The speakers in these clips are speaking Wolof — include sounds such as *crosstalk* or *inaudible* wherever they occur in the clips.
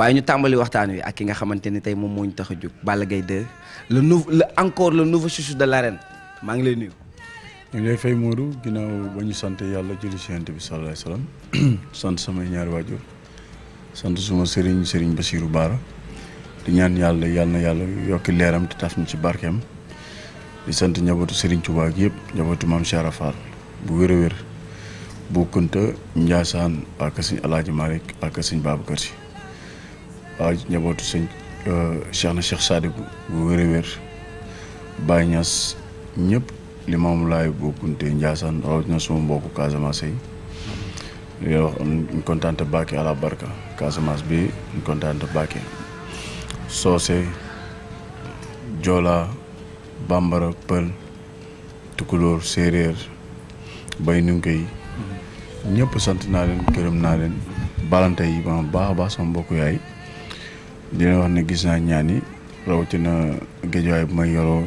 waaye ñu tàmbali waxtaan wi ak ki nga xamante ni tey moom moo tax a jóg Balla Gaye 2 le nouveau encore la nouveau chouchou la ren maa ngi lay nii ñu ngi lay fay Modou ginnaaw ba ñu sant yàlla julli ci Yonent bi sallallahu alayhi wasallam *clears throat* sant samay ñaari waajur sant suma Serigne Serigne Bassirou Bara di ñaan yàlla yàlla na yàlla yokki leeram te taf ñu sant njabootu Serigne Touba yëpp njabootu maam bu wér a wér bu Kunta Njaasaan ak Alaaji Malick ak sëñ Babacar Si waaw njabootu sëñ euh, Cheikh na Cheikh Sadik bu wér wér Baye Niass ñëpp li maamu laay bokkunte Ndiassane rawatina suma mbokku Casamance yi di wax ñu kontaan te bàkke ala barka Casamance bi ñu kontaan te bàkke soose joola bambara pël tukulóor séeréer bay nu ngi ñëpp sant naa leen gërëm naa leen balante yi ma baax baax sama mbokku yaay dina wax ne gis naa ñaan yi rawatina géejawaay bu may yoroo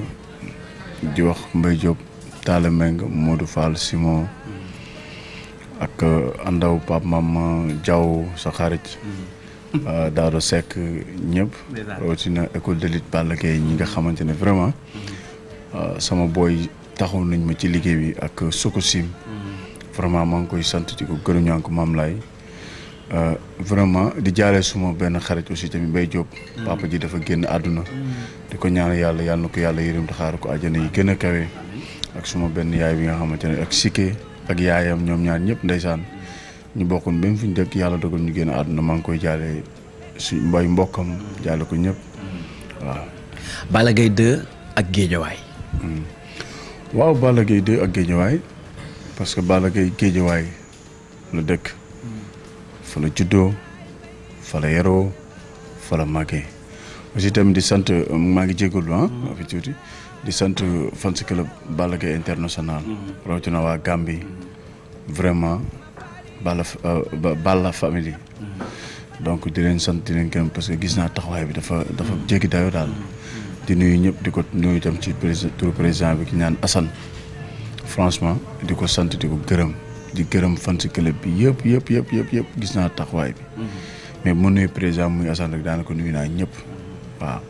di wax Mbaye Diop Talla Meng Modou Fall Simon ak uh, Andaw Pape Mama Diaw sa xarit mm-hmm. uh, Daaro Seck ñëpp rawatina école de lutte Balla Gaye ñi nga xamante ne vraiment mm-hmm. uh, sama booy taxaw nañ ma ci liggéey bi ak Soko Sim mm-hmm. vraiment maa ngi koy sant di ko gërëm ñaa maam laay Euh, vraiment di jaaree suma benn xarit aussi tamit Mbaye Diop. papa ji dafa génn àdduna. di ko ñaan yàlla yàlla na ko yàlla yërëm te xaar ko àjjana yi gën a kawe. ak suma benn yaay bi nga xamante ne ak Sikke ak yaayam ñoom ñaan ñëpp ndeysaan ñu bokkoon même fu ñu dëkk yàlla dogal ñu génn àdduna maa ngi koy jaale suñ mbay mbokkam jaale ko ñëpp waaw. Balla Gaye 2 ak Géejawaay. Hmm. waaw parce que Balla gay Géejawaay la dëkk. fa la juddoo fa la yaroo fa aussi tamit di sant maa ngi jégalu ah. Mm-hmm. fi tuuti di sant fan si club Balla Gaye international. Mm-hmm. na waa Gambie mm-hmm. vraiment Balla euh, Balla famille. donc di leen sant di leen gërëm parce que gis naa taxawaay bi dafa dafa jéggi dayo daal. di nuyu ñëpp di ko nuyu tam ci président turu président bi ki naan Assane franchement di ko sant di ko gërëm. di gërëm fan si club bi yëpp yëpp yëpp yëpp yëpp gis naa taxawaay bi. Mm-hmm. mais mu nuyu président muy Assane rek daanaka nuyu naa ñëpp. waaw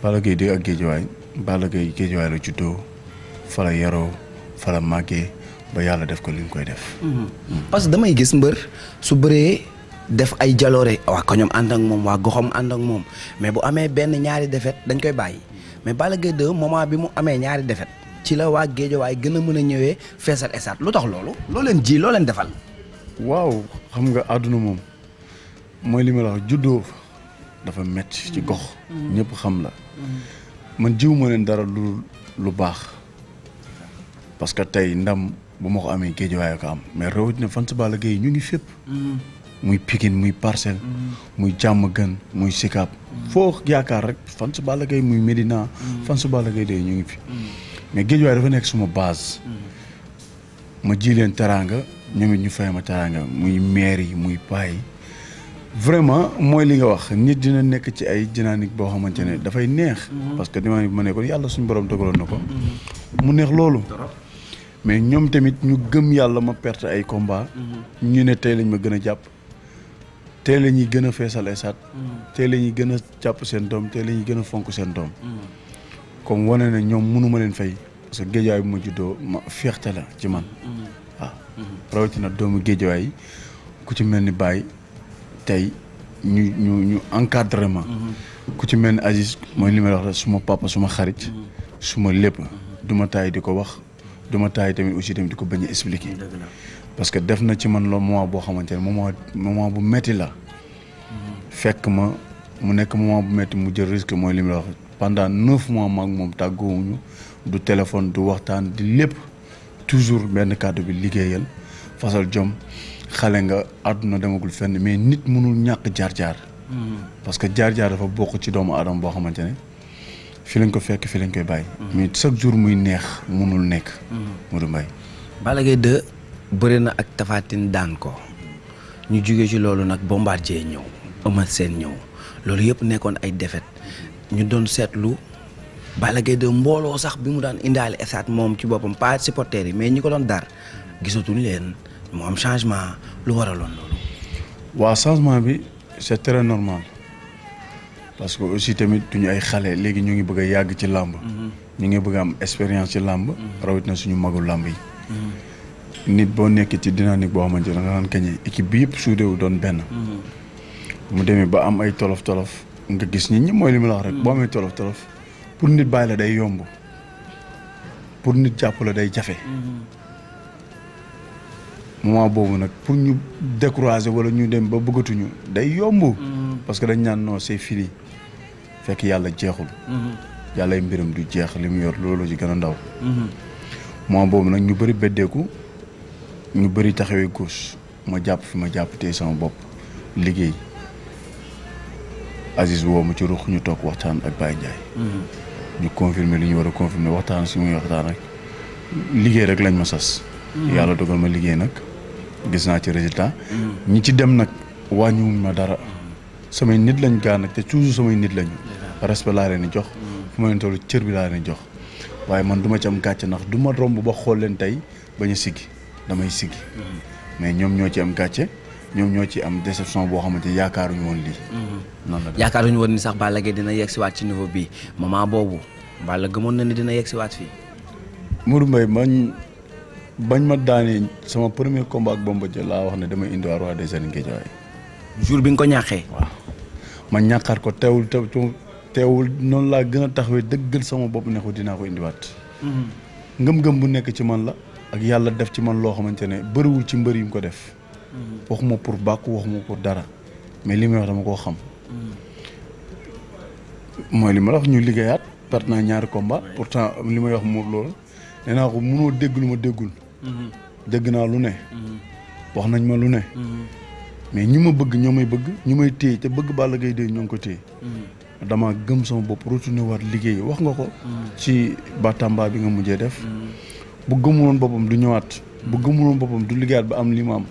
Balla Gaye dëgg ak Géejawaay Balla Gaye Géejawaay la juddoo fa la yaroo fa la ba yàlla def ko li nga koy def. Mm-hmm. Mm. parce que damay gis mbër su bëree def ay jaloore waa ko ñoom ànd ak moom waa goxam ànd ak moom mais bu amee benn ñaari defet dañ koy bàyyi mais Balla Gaye 2 moment bi mu amee ñaari defet ci la waa waaye gën a mën a ñëwee feesal esaat lu tax loolu loo leen ji loo leen defal. waaw xam nga àdduna moom mooy li ma la wax juddoo dafa metti ci gox. Mm. ñëpp xam la. Mm. man jiw ma leen dara lu lu baax parce que tey ndam bu ma ko amee Géejawaay ko am mais rawatina fan si Balla Gaye ñu ngi fépp. Mm. muy Pikine muy Parcelles. muy jàmm gën muy Sicap. foo yaakaar rek fan si Balla Gaye muy Médina. fan si Balla Gaye ñu ngi fi. mais géejuwaay dafa nekk suma base. Mm. ma ji leen teraanga ñoom it ñu fay ma teraanga muy maire yi muy paa yi vraiment mooy li nga wax nit dina nekk ci ay dynamique boo xamante ne mm. dafay neex. Mm-hmm. parce que dynamique bi ma nekkoon yàlla suñu borom dogaloon na ko. Mm-hmm. mu neex loolu. mais ñoom tamit ñu gëm yàlla ma perte ay combat mm-hmm. ñu ne tey lañ ma gën a jàpp. tey la ñuy gën a feesal ay saat. tey la ñuy gën a jàpp seen doom tey la ñuy gën a fonk seen doom. comme wane ne ñoom mënuma leen fay parce que géejawaay bu ma juddoo ma fierté la ci man mm-hmm. waaw mm-hmm. rawatina doomu géejawaay ku ci mel ni Baye tey ñu ñu ñu encadrement mm-hmm. ku ci mel ni Aziz mooy li may wax la suma papa suma xarit suma lépp duma taay di ko wax duma taay tamit aussi tamit di ko bañ a parce que def na ci man loolu moment boo xamante ne moment moment bu metti la fekk ma mu nekk moment bu metti mu jël risque mooy li may wax pendant neuf mois maak moom tàggoowuñu du téléphone du waxtaan di lépp toujours benn kàddu bi liggéeyal fasal jom xale nga àdduna demagul fenn mais nit mënul ñàkk jaar-jaar. Mm-hmm. parce que jaar-jaar dafa bokk ci doomu aadama boo xamante ne fi lañ ko fekk fi lañ koy bàyyi. Mm-hmm. mais chaque jour muy neex mënul nekk. Mm-hmm. Modou Mbaye. Balla Gaye 2 bëri na ak tafaatin daan ko ñu jugee ci loolu nag Bombardier ñëw Eumeu seen ñëw loolu yëpp nekkoon ay défaite ñu doon seetlu Balla Gaye de mbooloo sax bi mu daan indaale esaat moom ci boppam pas supporters yi mais ñu ko doon dar gisatuñ leen mu am changement lu waraloon loolu. waa changement bi c'est très normal parce que aussi tamit duñu ay xale léegi ñu ngi bëgg a yàgg ci làmb. Mm-hmm. ñu ngi bëgg am expérience ci làmb. Mm-hmm. na suñu magul làmb yi. Mm-hmm. nit boo nekk ci dinaa dynamique boo xamante ne da nga naan kañe équipe bi yëpp suudewu doon benn. mu demee ba am ay tolof tolof. nga gis nit ñi mooy li ma la wax rek. boo amee tolof tolof pour nit bàyyi la day yomb pour nit jàpp la day jafe. Mm-hmm. moment boobu nag pour ñu décourager wala ñu dem ba buggatuñu day yomb. Mm-hmm. parce que dañ naan non c'est fini fekk yàlla jeexul. Mm-hmm. yàlla mbiram du jeex li mu yor loolu ci gën a ndaw. moment boobu nag ñu bëri beddeeku ñu bëri taxawee gauche ma jàpp fi ma jàpp tey sama bopp liggéey. Aziz woo mu ci ruux ñu toog waxtaan ak Baye Ndiaye. ñu mm-hmm. confirmer li ñu war a confirmer waxtaan si muy waxtaan ak liggéey rek lañ ma sas. Mm-hmm. yàlla dogal ma liggéey nag gis naa ci résultat. Mm-hmm. ñi ci dem nag wàññiwuñ ma dara. samay nit lañ gaa nag te toujours samay nit lañu. respect laa leen di jox. fu ma leen toll cër bi laa leen jox. waaye man du ma ci am gàcce ndax du ma romb ba xool leen tey ba ñu siggi damay siggi. mais ñoom ñoo ci am gàcce. ñoom ñoo ci am déception boo xamante ni yaakaaruñu woon lii. Mm-hmm. noonu la yaakaaruñu woon ni sax Balla Gaye dina yegsiwaat ci niveau bii moment boobu Balla gëmoon na ni dina yegsiwaat fii. Mourou Mbaye man bañ ma daanee sama premier combat ak Bomba Jël laa wax ne damay indi waa des arènes Guédiawaye. jour bi nga ko ñàkkee. waaw ma ñàkkaat ko teewul teewul noonu laa gën a taxawee dëggal sama bopp ne dinaa ko indiwaat. Mm-hmm. ngëm bu nekk ci man la. ak yàlla def ci man loo xamante ne bëriwul ci mbër yi mu ko def. waxuma pour bàkku waxuma pour dara mais li may wax dama koo xam. mooy li ma la wax ñu liggéeyaat perte naa ñaari combat pourtant li may wax mu loolu nee naa ko mënoo dégg lu ma déggul. Mm-hmm. dégg naa lu ne. Mm-hmm. wax nañ ma lu ne. Mm-hmm. mais ñu ma bëgg ñoo may bëgg ñu may téye te bëgg Balla Gaye dee ñoo ko téye. dama gëm sama bopp retourné waat liggéey wax nga ko. ci Batamba bi nga mujjee def. bu gëmuloon boppam du ñëwaat. bu gëmuloon boppam du liggéeyaat ba am li ma am.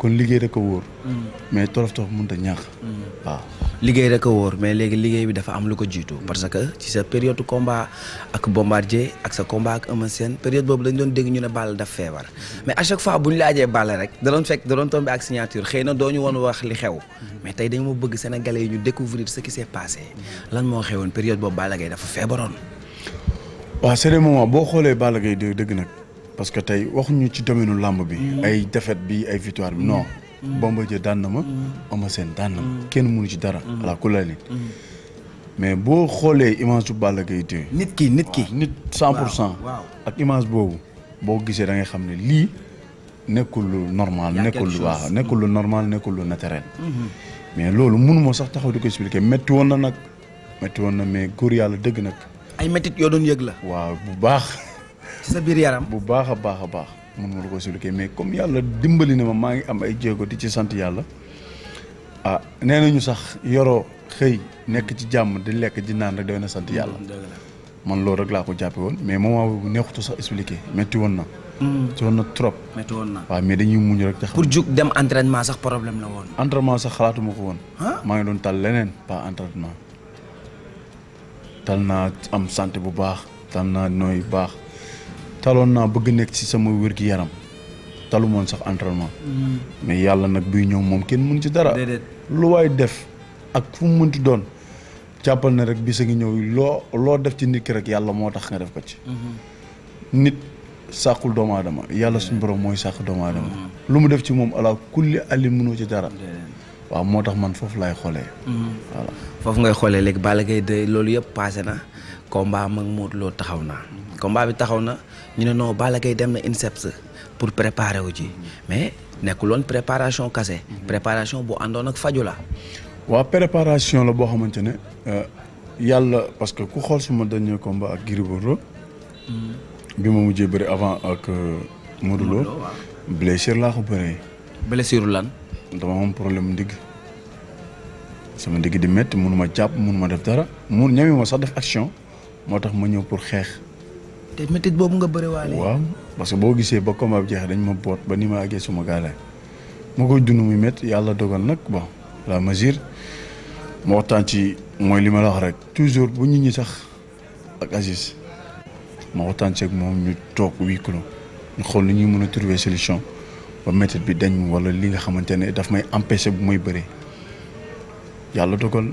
kon liggéey rek a wóor. Mm. mais tolof tolof mënut ta ñax mm. waaw liggéey rek a wóor mais léegi liggéey bi dafa am lu ko jiitu. parce que ci sa période combat ak bombardier ak sa combat ak Eumeu Sène période boobu dañ doon dégg ñu ne Balla daf feebar. Mm. mais à chaque fois bu ñu laajee Balla rek da doon fekk da doon tombé ak signature xëy na doo ñu woon wax li xew. mais tey dañu ma bëgg sénégalais yi ñu découvrir ce qui s'est passé. lan moo xewoon période boobu Balla Gaye dafa feebaroon. waaw c'est le boo xoolee Balla Gaye dëgg nag. parce que tey waxuñu ci domaine làmb bi. Mm. ay défaite bi ay victoire bi non. Mm. Mm. Bombardier daan na ma. Eumeu Sène daan na ma kenn mënu ci dara. voilà ku la mais boo xoolee image bu Balla Gaye nit ki nit ki nit 100 pour cent. ak image boobu boo gisee da ngay xam ne lii nekkul lu normal. nekkul lu nekkul normal nekkul lu naturel. Mm-hmm. mais loolu mënuma sax taxaw di ko expliquer métti woon na nag métti woon na mais góor yàlla dëgg nag. ay métit yoo doon yëg la. waaw bu baax. sa biir yaram. bu baax a baax a baax mun ma la ko expliquer mais comme yàlla dimbali na ma maa ngi am ay jéego di ci sant yàlla ah nee nañu sax yoro xëy nekk ci jàmm di lekk di naan rek doy na sant yàlla. Mm, man loolu rek laa ko jàppe woon mais moom boobu neexutu sax expliquer métti woon na. métti mm. woon na trop. métti na waaw mais dañuy muñ rek. pour jug dem entraînement sax problème la woon. entraînement sax xalaatuma ko woon. maa ngi doon tal leneen pas entraînement. tal naa am santé bu baax tal naa nooy baax. taloon naa bëgg nekk ci sama wér gu yaram talu moon sax entraînement mm. mais yàlla nag buy ñëw moom kenn mën ci dara lu waay def ak fu mu mun mënti doon jàppal na rek bi a ñëw loo loo def ci nit ki rek yàlla moo tax nga def ko ci mm-hmm. nit sàqul doomu aadama yàlla suñu borom mooy sàq doomu aadama mm-hmm. lu mu def ci moom ala kulli ali mënoo ci dara waaw moo tax man foofu laay xoolee mm-hmm. voilà foofu ngay xoolee léegi Balla Gaye de loolu yëpp paase na combat mag Modou Lo taxaw naa combat bi taxaw na ñu ne non Balla Gaye dem na INSEPS pour préparer wu ji mais nekkul woon préparation kase préparation bu àndoon ak faju la waaw préparation la boo xamante ne euh, yàlla parce que ku xool suma dernier combat ak Gris Bordeaux bi ma mujjee bëri avant ak euh, Modou Lo blessure laa ko bëree blessure lan dama am problème ndigg sama ndigg di métti mënuma jàpp mënuma def dara mun ñamima sax def action moo tax ma ñëw pour xeex te métit boobu nga bëri waale. waaw parce que boo gisee ba combat bi jeexee dañ ma boot ba ni ma àggee suma gaalaay ma koy dund muy métti yàlla dogal nag bon la mesure ma waxtaan mooy li ma la wax rek toujours bu nit ñi sax ak Aziz ma waxtaan ci moom ñu toog huis clos ñu xool lu ñuy mën a trouver solution ba métit bi dañ wala lii nga xamante ne daf may empêcher bu may bëree yàlla dogal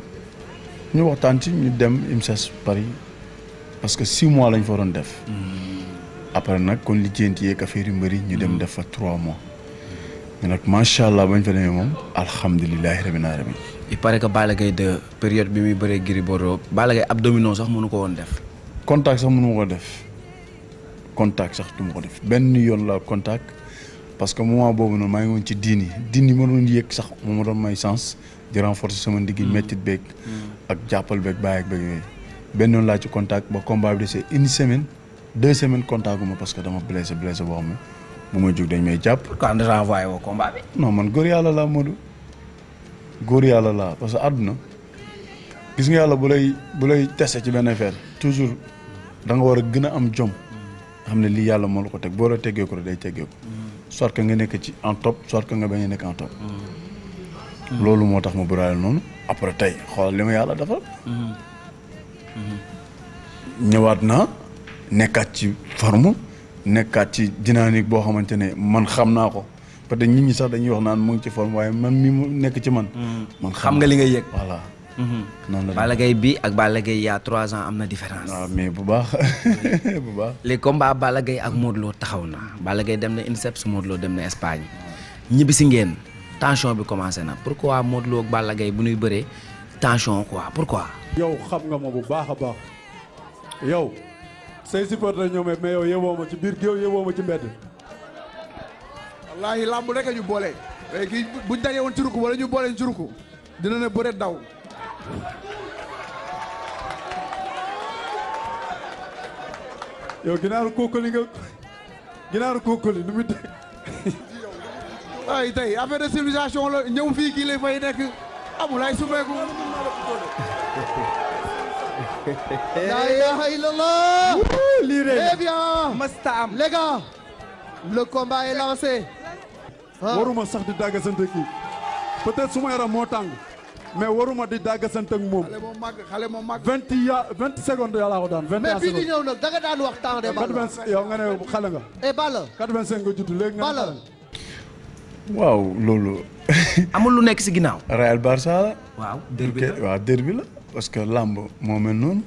ñu waxtaan ci ñu dem IMSAS Paris. parce que six mois lañ fa waroon def. après nag kon lijjanti yeeg affaire yu mbëri ñu dem mm. def fa trois mois. ñu nag macha allah bañ fa demee moom alhamdulilah rabbil alamin. il paraît que Balla Gaye de période bi muy bëree Gris Bordeaux Balla Gaye abdominaux sax mënu ko woon def. contact sax mënu ma ko def contact sax du ma ko def benn yoon la contact parce que moment boobu noonu maa ngi woon ci diin yi diin yi ma doon yëg sax moo ma doon may sens di renforcer sama ndigg méttit mm. beeg. Mm. ak jàppal beeg benn yoon laa ci contact ba combat bi desee une semaine deux semaines contact ma parce que dama blessé blessé boo xam ne bu may jug dañ may jàpp. pourquoi on renvoyé man góor yàlla laa Modou góor yàlla laa parce que àdduna gis nga yàlla bu lay bu teste ci benn affaire toujours da nga war a gën a am jom xam ne lii yàlla moo la ko teg boo la teggee ko day teggee ko soit que nga nekk ci en top soit que nga bañ a nekk en top. Mm. loolu moo tax ma buraale noonu après tey xoolal li ma yàlla defal. Mm. ñëwaat naa nekkaat ci forme nekkaat ci dynamique boo xamante ne man xam naa ko peut-être nit ñi sax dañuy wax naan mu ngi ci forme waaye man mi mu nekk ci man. Mm-hmm. man xam nga li ngay yëg voilà. Mm-hmm. noonu la Balla Gaye bi ak Balla Gaye y a trois ans am na différence. waaw ah, mais bu baax *laughs* bu baa les combats Balla Gaye ak Modou Lo taxaw na Balla Gaye dem na INSEPS Modou Lo dem na Espagne ñibbisi ngeen tension bi commencé na pourquoi Modou Lo ak Balla Gaye bu ñuy bëree. tension quoi pourquoi. yow xam nga ma bu baax a baax yow say supporter ñoom mais yow yeboo ma ci biir géew yeboo ci mbedd. wallaahi làmb rek ñu boole. léegi buñ daje woon ci ruku wala ñu boole ci ruku dina ne bëre daw. yow ginaaru kookoli nga ginaaru kookoli nu muy dégg. ay tey affaire de la ñëw fii kii lay fay nekk. Amulaay sumeeku la ilaha illallah eh bien masta am les gars le combat est lancé ah. waruma sax di daggasante kii peut-être suma yaram moo tàng mais waruma di daggasante ak moom xale moo màgg vingt ya vingt secondes yàlla ko daan vingt mais bii di nag da daan wax temps de yow nga ne xale nga eh Balla quatre-vingt-cinq judd léegi nga Balla waaw loolu. amul lu nekk si ginnaaw. Real Barça la. waaw derbi la parce que làmb moo mel noonu.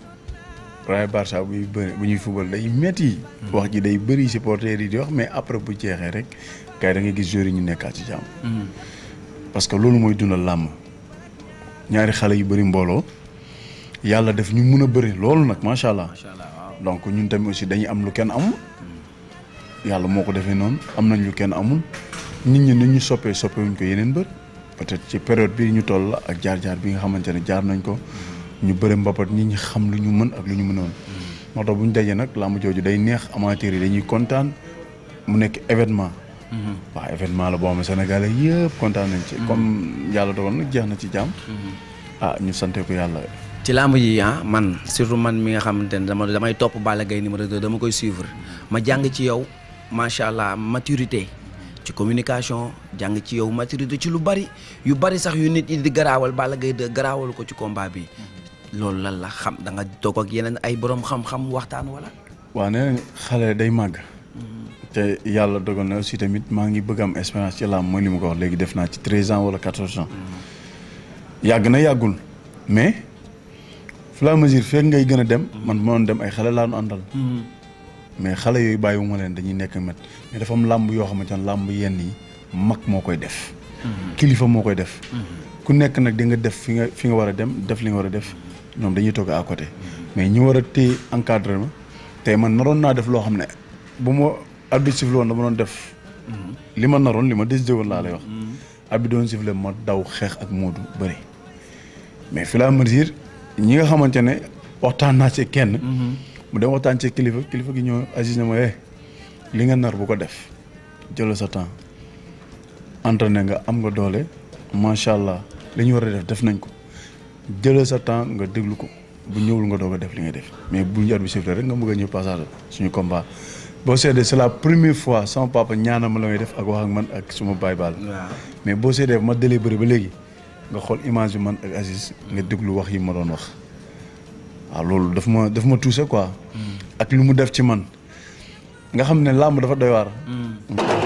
Real Barça buy bëri bu ñuy fubal day metti. Hmm. wax ji day bëri supporters yi di wax mais après bu jeexee rek kay da ngay gis joueurs yi ñu nekkaat ci jàmm. Hmm. parce que loolu mooy dundal làmb. ñaari xale yu bëri mbooloo. yàlla def ñu mun a bëri loolu nag macha allah. donc ñun tamit aussi dañuy am lu kenn amul. Hmm. yàlla moo ko defee noonu am nañ lu kenn amul. nit ñi ni ñu soppee soppewuñ ko yeneen mbër peut-être ci période bi ñu toll ak jaar-jaar bi nga xamante ne jaar nañ ko ñu bëre mbapat nit ñi xam lu ñu mën ak lu ñu mënoon moo tax dajee nag làmb jooju day neex amateur yi dañuy kontaan mu nekk événement mm-hmm. waaw événement la boo xam ne Sénégalais yëpp kontaan nañ ci comme mm-hmm. yàlla dogal jeex na ci jàmm mm-hmm. ah ñu sante ko yàlla ci làmb yi ah man surtout man mi nga xamante ne dama damay topp Balla Gaye numéro 2 dama koy suivre ma jàng ci yow macha allah maturité ci communication jàng ci yow maturité ci lu bari yu bari sax yu nit yi di garaawal Balla Gaye de garaawal ko ci combat bi loolu lan la xam danga nga toog ak yeneen ay boroom xam-xam waxtaan walla waa nee xale day màgg. te yàlla dogal na aussi tamit maa ngi bëgg am expérience ci làmb mooy li mu ko léegi def naa ci treize ans wala quatorze ans. yàgg na yàggul mais. fur et à fekk ngay gën a dem. man bu dem ay xale laa nu àndal. mais xale yooyu bàyyiwuma leen dañuy nekk met mais dafa làmb yoo xamante ne làmb yenn yi mag moo koy def. Mhm. kilifa moo koy def. Mhm. ku nekk nag di nga def fi nga fi nga war a dem def li nga war a def ñoom dañuy toog à côté mhm. mais ñu war a téye encadré ma tey man naroon naa def loo xam ne bu ma abdi sifle woon def. li ma naroon li ma décidé woon laa lay wax. abdi doon sifle ma daw xeex ak Modou bëri mais fii laa mesure ñi nga xamante ne waxtaan naa ci kenn. mu dem waxtaan ce kilifa kilifa gi ñoo Aziz ne ma eh li nga nar bu ko def jëlal sa temps entraîné nga am nga doole macha allah li ñu war a def def nañ ko jëlal sa temps nga déglu ko bu ñëwul nga doog a def li nga def mais bu ñu arbitre siffle rek nga bëgg a ñëw passage suñu combat boo seedee c'est la première fois sama papa ñaanama la may def ak wax ak man ak suma baay baal mais boo seedee ma délai bëri ba léegi nga xool image bi man ak Aziz nga déglu wax yi ma doon wax. waaw loolu daf ma daf ma touché quoi. Hmm. ak li mu def ci man nga xam ne làmb dafa doy waar. Hmm.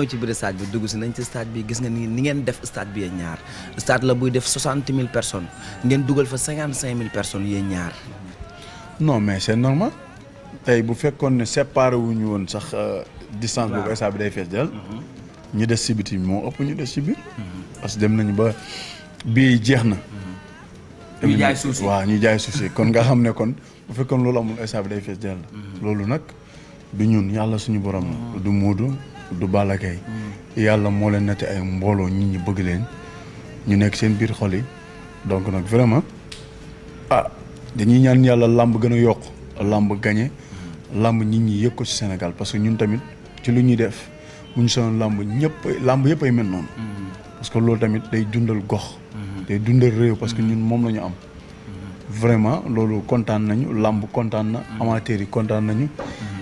ñëw ci biir stade bi dugg si la buy def soixante mille personnes ngeen dugal fa cinquante cinq mille personnes yéen ñaar. mais c'est normal tey bu fekkoon ne séparé wu woon sax euh, distance. boobu stade bi mhm. ñu des si moo ëpp ñu des si mhm. parce que dem nañu ba bii jeex na. Mhm. ñu jaay suuf waaw ñu jaay suuf kon nga xam ne kon bu fekkoon loolu amul stade bi day fees dell. loolu nag du ñun yàlla suñu borom la. du Moodu. du Balla yàlla moo leen natte ay mbooloo nit ñi bëgg leen ñu nekk seen biir xol donc nag vraiment ah dañuy ñaan yàlla làmb gën a yokk làmb gañe làmb nit ñi yëg ko ci Sénégal parce que ñun tamit ci lu ñuy def bu ñu sonoon làmb ñëpp làmb yëpp ay mel noonu parce que loolu tamit day dundal gox day dundal réew parce que ñun moom la ñu am vraiment loolu kontaan nañu làmb kontaan na amateur yi kontaan nañu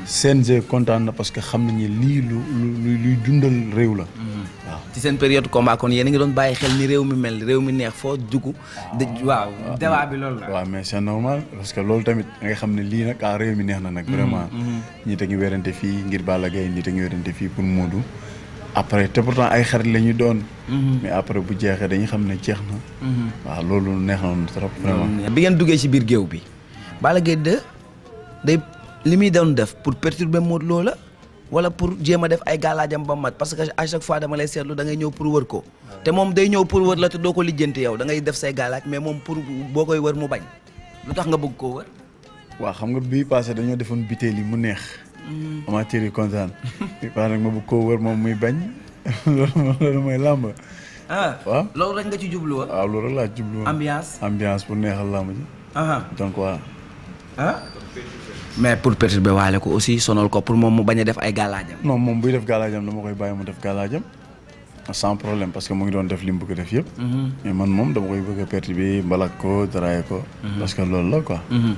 CNG kontaan na parce que xam nañu lii lu lu luy dundal réew la. Mm-hmm. waaw ci seen période combat kon yéen ngi doon bàyyi xel ni réew mi mel réew mi neex foo dugg. Ah. waaw débat bi loolu la. waaw mais c'est normal parce que loolu tamit da xam ne lii nag ah mi neex na nag. vraiment ñii mm-hmm. te ngi werante fii ngir Balla Gaye ñii te ngi werante fii pour Modou. après te pourtant ay xarit la ñu doon. Mm-hmm. mais après bu jeexee dañuy xam ne jeex na. waaw loolu neex na trop. vraiment bi ngeen duggee ci biir géew bi. Balla Gaye de li muy doon def pour perturber mu Lo la wala pour jéem a def ay gàllaajam ba mat parce que à chaque fois dama lay seetlu dangay ngay ñëw pour wër ko. te moom day ñëw pour wër la te doo ko lijjanti yow da ngay def say gàllaaj mais moom pour boo koy wër mu bañ lu tax nga bëgg koo waaw xam nga bii passé dañoo defoon butéel yi mu neex. Hmm. amateur yi kontaan. *laughs* ma bëgg koo wër moom muy bañ *laughs* loolu loolu mooy làmb. ah waaw loolu rek nga ci jublu woon. waaw loolu rek laa ci jublu woon. ambiance ambiance pour neexal làmb ji. Ah. donc waa ah? mais pour perturber waale ko aussi sonal ko pour moom mu bañ a def ay gàllaajam. non moom buy def gàllaajam dama koy bàyyi mu def gàllaajam sans problème parce que mu ngi doon def li mu bëgg def yëpp. Mhm. mais man moom dama koy bëgg a perturber mbalak ko daraaye ko. Mhm. parce que loolu la quoi. Mhm.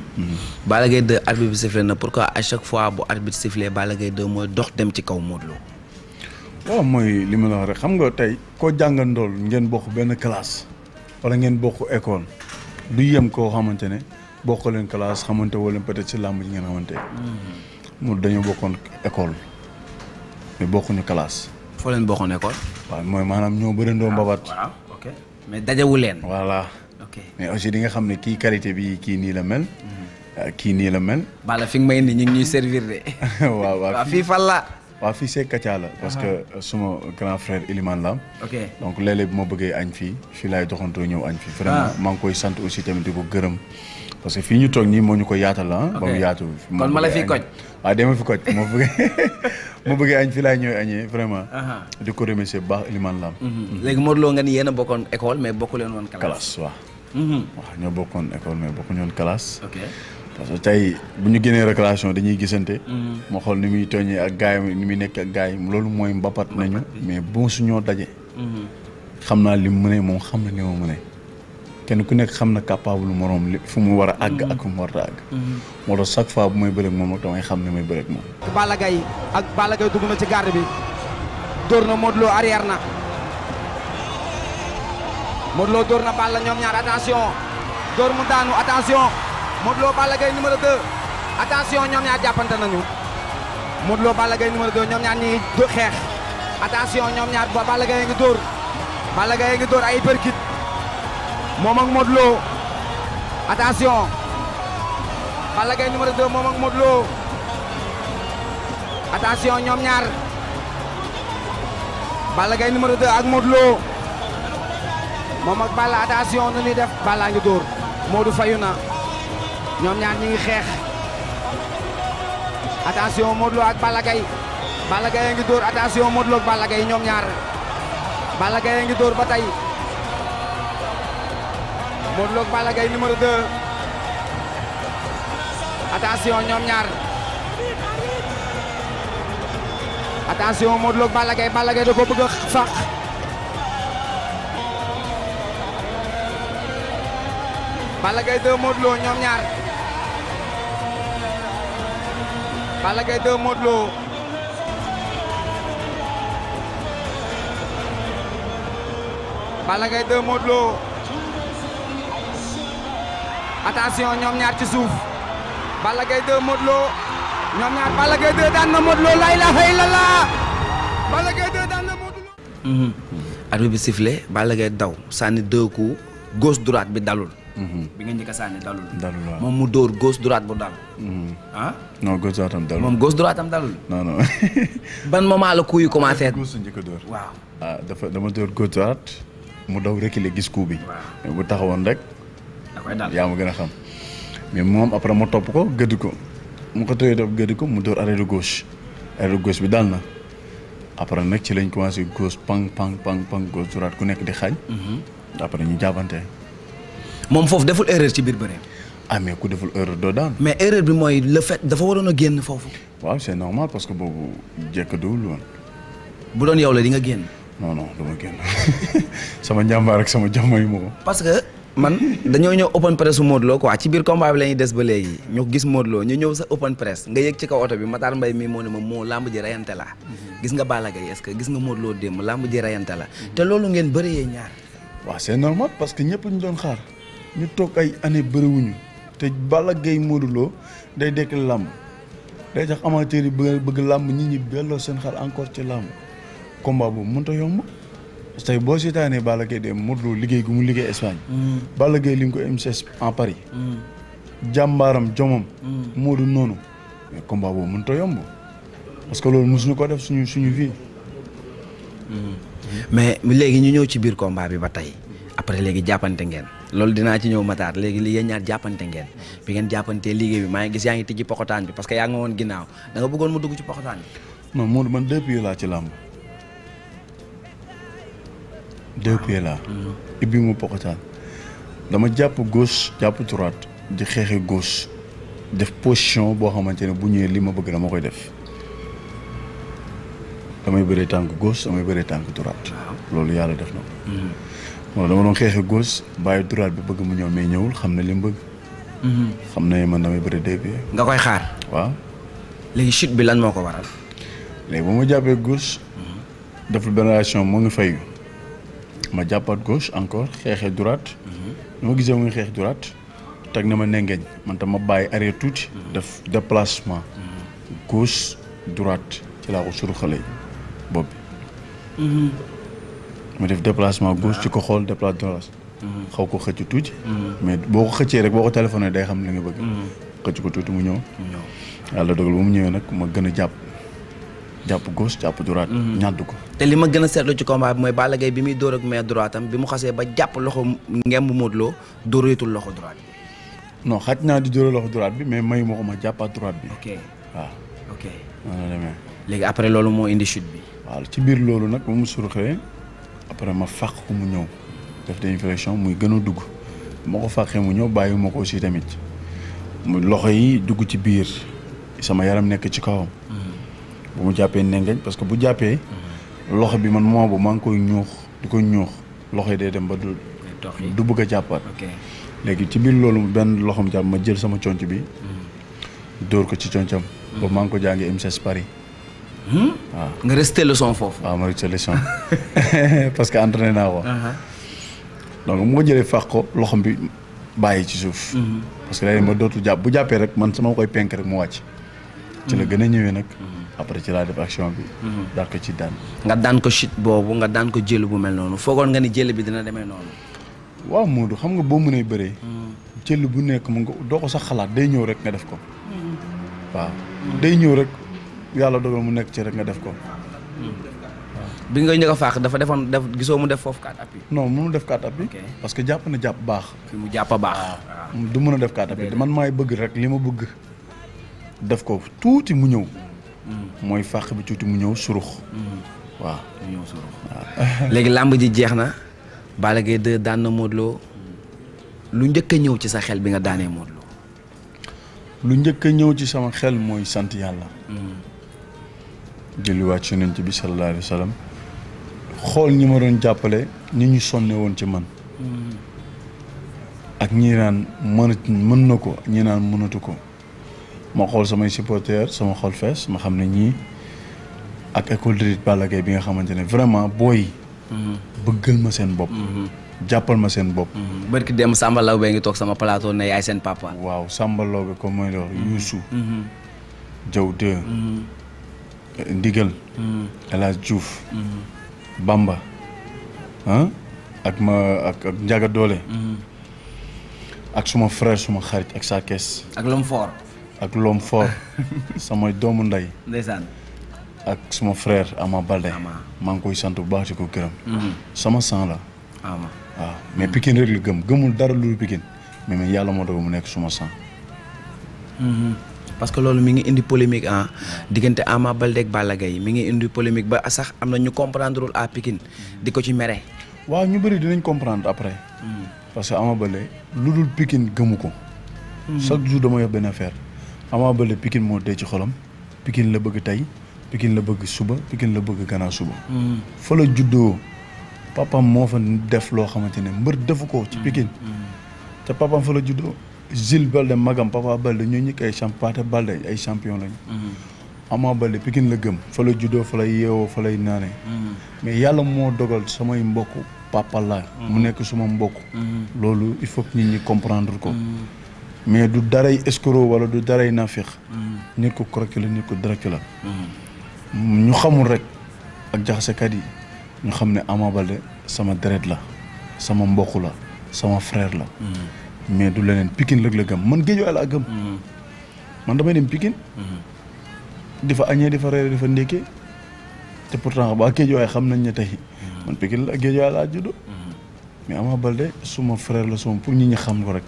Balla Gaye 2 arbitre bi sifflé na pourquoi à chaque fois bu arbitre sifflé Balla Gaye 2 mooy dox dem ci kaw Modou Lo. waaw mooy li ma la rek xam nga tey koo jàngandool ngeen bokk benn classe wala ngeen bokk école du yem koo xamante ne. bokkoo leen classe xamante woo leen peut-être ci làmb ji ngeen xamante. mu mm-hmm. dañoo bokkoon école mais bokkuñu classe. foo leen bokkoon école. mooy maanaam ñoo bërëndoo mbabat. Ah, waaw mais dajawu leen. voilà ok mais nga xam ne kii qualité bi kii nii la mel. Mm-hmm. Euh, kii nii la mel. bala fi nga may indi ñu ngi ñuy servir de. *laughs* waaw waaw fii fan la. parce ah. que euh, suma grand frère Ilimane la donc léeg bu ma bëggee añ fii fii laay doxantoo ñëw añ fi ah. vraiment maa ngi koy sant aussi tamit di ko gërëm. parce que fii ñu toog nii moo ñu ko yaatal la ah, ba mu yaatu. ma la fi koj. waaw ah, dama fi koj moo bëgg *laughs* moo bëggee añ fi laa ñëwee añee vraiment. di ko remercier bu baax Elimane Lam. Mhm. Mhm. léegi Modou Lo nga yéen bokkoon école mais bokku leen woon classe. classe waaw. Mhm. waaw ñoo bokkoon école mais bokkuñu ñoon classe. parce que tey bu ñu génnee récréation dañuy gisante. moo xool ni muy tooñee ak gars yi ni muy nekk ak gars yi loolu mooy mbapat nañu. mais bon suñoo daje. xam naa li mu mënee moom xam na ni mu ne kenn ku nekk xam na capable lu moroom li fu mu war a àgg ak fu mu war a àgg. Mm-hmm. moo tax may xam ne may bëreeg moom. Balla Gaye ak Balla dugg na ci garde bi dóor na Modou Lo na Modou dóor na Balla ñoom ñaar attention dóor mu daanu attention Modou Lo Balla Gaye numéro ñoom ñaar jàppante nañu Modou Lo Balla Gaye ñoom ñaar ñi xeex attention ñoom ñaar ba Balla Gaye ngi dóor Balla Gaye ngi dóor ay percute. moom ak Modou Lo attention Balla Gaye numéro 2 moom ak Modou Lo ñoom ñaar Balla Gaye numéro 2 ak Modou Lo moom ak Balla attention nu ñuy def Balla ngi dóor Modou fayu na ñoom ñaar ñi ngi xeex attention Modou Lo ak Balla Gaye Balla Gaye a ngi dóor attention Modou Lo Balla Gaye ñoom ñaar Balla Gaye a ngi Modou Lo ak Balla Gaye attention ñoom ñaar attention Modou Lo ak Balla Gaye Balla Gaye da ko bëgg ñoom ñaar Balla Gaye 2 attention ñoom ñaar ci suuf Balla Gaye 2 Modou Lo ñoom ñaar Balla Gaye 2 daan na Modou Lo la ilaha illallah Balla Gaye 2 na Modou Lo. Mhm. arbitre bi sifflé Balla Gaye daw sànni deux coups gauche bi dalul. Mhm. a sànni dalul. dalul waaw moom mu dóor bu dal. Mhm. ah. non gauche dalul moom gauche droite am dalul. *laughs* ban moment la coup yi commencé. gauche njëkk a dóor ah, dama dóor gauche droite mu daw reculer gis coup bi. bu taxawoon rek. da koy dal yaa ma gën a xam. mais moom après ma topp ko gëdd ko mu ko tëyee gëdd ko mu dóor arrêt de gos arrêt de gauche bi daal na après nag ci lañ commencé gauche pang pang pang pang gauche ku nekk di xaaj. Mm-hmm. après ñu jaabante. moom foofu deful erreur ci biir bëre. ah mais ku deful erreur doo daan. mais erreur bi mooy la fait dafa waroon a génn foofu. waaw c'est normal parce que boobu jekk duwul woon. bu doon yow la di nga génn. non non du génn *laughs* sama njàmbaar ak sama jàmm yi man dañoo ñëw open press su Modou ko quoi ci biir combat bi la des ba léegi ñu gis Modou ñu ñëw sa open press nga yëg ci kaw oto bi Matar Mbaye mii moo ne ma moo làmb ji rayante la gis nga Balla Gaye est-ce que gis nga Modou Lo démb làmb ji rayante la te loolu ngeen bëri yee ñaar waaw c'est normal parce que ñëpp ñu doon xaar ñu toog ay année bëriwuñu te Balla Gaye Modou Lo day dekk làmb day tax amateurs yi bëgg bëgg làmb nit ñi belloo seen xaar encore ci làmb combat boobu mënut a yomb tey boo seetaanee Balla Gaye de Modou liggéey gu mu liggéey Espagne. Mm. Balla Gaye li nga ko MCS en Paris. Mm. jàmbaaram jomam. Mm. Modou noonu. mais combat boobu mënut a yomb. parce que loolu mosuñu ko def suñu suñu vie. mais léegi ñu ci biir combat ba tey après léegi jàppante ngeen loolu dinaa ci ñëw mataar léegi li yéen ñaar jàppante ngeen bi ngeen jàppantee liggéey bi maa ngi gis yaa ngi tijji poxotaan bi parce que yaa nga woon ginnaaw da nga bëggoon mu dugg ci poxotaan bi. non Modou man laa ci làmb. deux pieds là. Mm-hmm. ibbi mu pokotaan dama jàpp gos jàpp troit di xeexi gauche def position boo xamante ne bu ñëwee li ma bëgg dama koy def damay bëree tànk gauche damay bëree tànk droite loolu yàlla def na ko. moom mm-hmm. dama doon xeexi gauche bàyyi droite bi bëgg mu ñëw mais ñëwul xam ne li mu bëgg. Mm-hmm. xam ne man damay bëri deux nga koy xaar. waaw. léegi chute bi lan moo ko waral. léegi ba ma jàppee gauche. deful benn réaction mu ngi fay ma jàppaat gauche encore xeexee droite. Mhm. ni ma gisee muy xeex droite. teg na ma nengeñ man tam ma bàyyi arrière tuuti. Mhm. def déplacement. Mhm. gauche droite ci laa ko suru xale bopp bi. mu def déplacement gauche ah. ci ko xool déplace droite. xaw ko xëcc tuuti. mais boo ko xëccee rek boo ko téléphoné day xam li nga bëgg. xëcc ko tuuti mu ñëw. yàlla dogal ba mu ñëwee nag ma gën a jàpp. jàpp gauche jàpp droite. Mhm. ñàddu ko. te li ma gën a seetlu ci combat bi mooy Balla Gaye bi muy dóor ak main droite am bi mu xasee ba jàpp loxo ngemb Modou Lo dóoreetul loxo droite bi. non xaj naa di dóor loxo bi mais mayu ma ko ma jàppaat droite bi. ok léegi après loolu moo indi chute bi. waaw ci biir loolu nag ba mu surxee après ma fàq ko mu ñëw def des inflexion muy gën a dugg moo ko fàqee mu ñëw bàyyi ma ko aussi tamit mu loxo yi dugg ci biir sama yaram nekk ci kawam. bu mu jàppee nengeñ parce que bu jàppee loxo bi man moment bu maa koy ñuux di ko ñuux loxo yi day dem ba du du bëgg a jàppaat léegi ci biir loolu benn loxom jàpp ma jël sama conc bi mm-hmm. dóor ko ci concam mm-hmm. boobu maa ngi ko jàngee IMCES Paris hmm? waaw nga resté leçon foofu waaw ma *laughs* *laughs* parce que entraîné naa ko uh-huh. donc mu ko jëlee fàq ko loxom bi bàyyi ci suuf mm-hmm. parce que léegi ma dootu jàpp bu jàppee rek man sama koy penk rek mu wàcc ci la gën a ñëwee nag après ci laa def bi. Mhm. daal ko daan. nga daan ko chute boobu nga daan ko jël bu mel noonu foogoon nga ni jël bi dina demee noonu. waaw Modou xam nga boo mënee bëree. Mhm. jël bu nekk mu nga doo ko sax xalaat day ñëw rek nga def ko. Mhm. waaw ñëw rek yàlla dogal mu nekk ci rek nga def ko. bi nga njëkk a faax dafa defoon def gisoo mu def foofu quatre appuis. non mënu def quatre appuis. parce que jàpp na jàpp baax. mu jàpp baax. Ah. du mën a def quatre man maay bëgg rek li ma bëgg. def ko tuuti mu ñëw. mooy fàq bi tuuti mm-hmm. mu ñëw surux. waaw léegi làmb ji jeex na. Balla Gaye 2 daan na mm-hmm. lu njëkk ñëw ci sa xel bi nga daanee Modou lu njëkk ñëw ci sama xel mooy sant yàlla. jëliwaat mm-hmm. ci yonent bi sallallahu alayhi xool ñi ma doon jàppale ni ñu sonne woon ci man. ak ñi naan mën na ko ñi naan mënatu ko. ma xool samay supporters sama xol fees ma xam ne ñii ak école de lutte bi nga xamante ne vraiment booy. Mhm. bëggal ma seen bopp. Mhm. jàppal ma seen bopp. Mhm. barki dem Samba Law bee ngi toog sama plateau na yaay seen papa. waaw Samba Law bi comme mooy loolu. Youssou. Deux. Ndigal. El Hadj Diouf. Bamba. ah ak ma ak ak Doole. ak suma frère suma xarit ak sa ak Lom Fort. ak l'homme fort *laughs* samay doomu ndey. ndeysaan. ak suma frère Ama Balde. maa ngi koy sant bu baax ci ko gërëm. Mhm. sama sang la. waaw mais Pikine rek la gëm gëmul dara lu Pikine mais mais yàlla moo doon mu nekk suma sang. Mhm. parce loolu mi ngi indi polémique ah diggante Ama Balde ak Balla Gaye mi ngi indi polémique ba sax am na ñu comprendre a à mhm. di ko ci mere. waaw ñu bëri dinañ comprendre après. parce que Ama Balde lu dul Pikine gëmu ko. chaque jour dama yor benn affaire. Ama Baldé Pikine moo dee ci xolam Pikine la bëgg tey pikin la bëgg suba Pikine la bëgg gannaaw suba. Hmm. fa la juddoo papam moo fa def loo xamante ne mbër defu ko ci hmm, Pikine. Hmm. te papam fa la juddoo. Gilles Balde magam papa Balde ñoo ñëkk ay champ Paate Balde ay champion lañu. Ama Baldé Pikine la gëm fa la juddoo fa lay yeewoo fa lay naane mais yàlla moo dogal samay mbokk papa la mu nekk suma mbokk loolu il faut que nit ñi comprendre ko mais du daray escroc wala du daray nafiq mm. nit ku correct la nit ku direct la mm. ñu xamul rek ak jaxasekat yi ñu xam ne Ama Baldé sama deret la sama mbokk la sama frère la mm. mais du leneen Pikine lëg la gëm man géejuwaay laa gëm man damay dem Pikine di fa añee di fa reere di fa ndékkee te pourtant waa géejuwaay xam nañ ne tey man Pikine la géejuwaay laa juddoo mais Ama Baldé suma frère la suma pour ñi ñu xam ko rek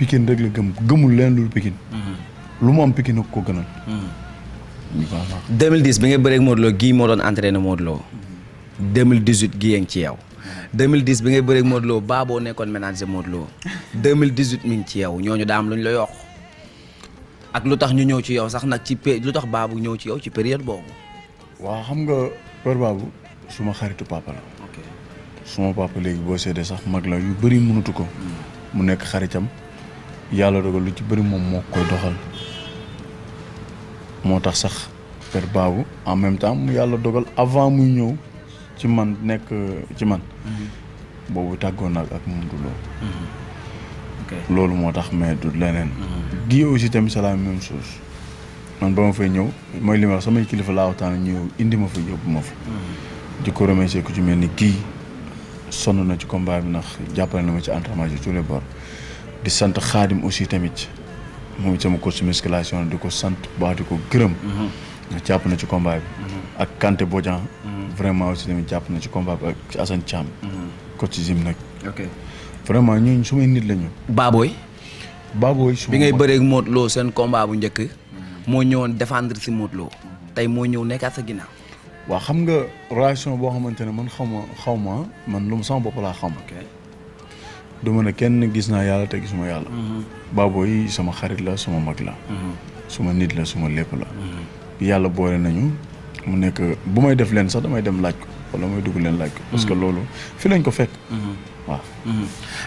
Pikine rek la gëm gëmul leen lu Pikine. Mm-hmm. lu mu am Pikine ak ko gënal. 2010 mm-hmm. bi nga bëreeg Modou Lo gii moo doon entraîné Modou Lo. 2018 gii yaa ngi ci yow. 2010 bi nga bëreeg Modou Lo baaboo nekkoon ménager Modou Lo 2018 mi ngi ci yow ñooñu daa am luñ la yokk ak lu tax ñu ñëw ci yow sax nag ci pé lu tax baabu ñëw ci yow ci période boobu. waaw xam nga Père suma xaritu papa la. suma papa léegi boo seetee sax mag la yu bëri mënatu ko. Mm. mu nekk xaritam. yàlla dogal lu ci bëri moom moo koy doxal moo tax sax per baabu en même temps mu yàlla dogal avant muy ñëw ci man nekk euh, ci man mm-hmm. boobu tàggoon na ak moom mm-hmm. du loolu moo tax mais du leneen mm-hmm. gi aussi tamit selaa la même chose man ba ma ñëw mooy li ma wax samay kilifa laa waxtaan ñëw indi ma fa yóbbu ma fa di ko remercier ku ci mel ni kii sonn na ci combat bi ndax jàppale na ma ci entraînement ci tous les di sant xaadim aussi tamit moom it sama coach musculation di ko sant baax di ko gërëm. Mm-hmm. jàpp na ci combat bi. Mm-hmm. ak Kanté Bodian. Mm-hmm. vraiment aussi tamit jàpp na ci combat bi ak Assane Thiam. coach gym nag. ok vraiment ñooñu sumay nit la ñu. Baboy. Baboy bi ngay bëreek Modou Lo seen combat bu njëkk. moo ñëwoon defendre si Modou tey moo ñëw nekkaat sa ginnaaw. waa xam nga relation boo xamante ne man xaw ma xaw ma man lu mu sama bopp laa xam. du ma kenn gis naa yàlla te gisuma yàlla. Mhm. baaboo yi sama xarit la sama mag la. Mhm. suma nit la suma lépp la. Mhm. yàlla boole nañu mu nekk bu may def leen sax damay dem laaj ko wala may dugg leen laaj ko. parce que loolu fi lañ ko fekk. waaw.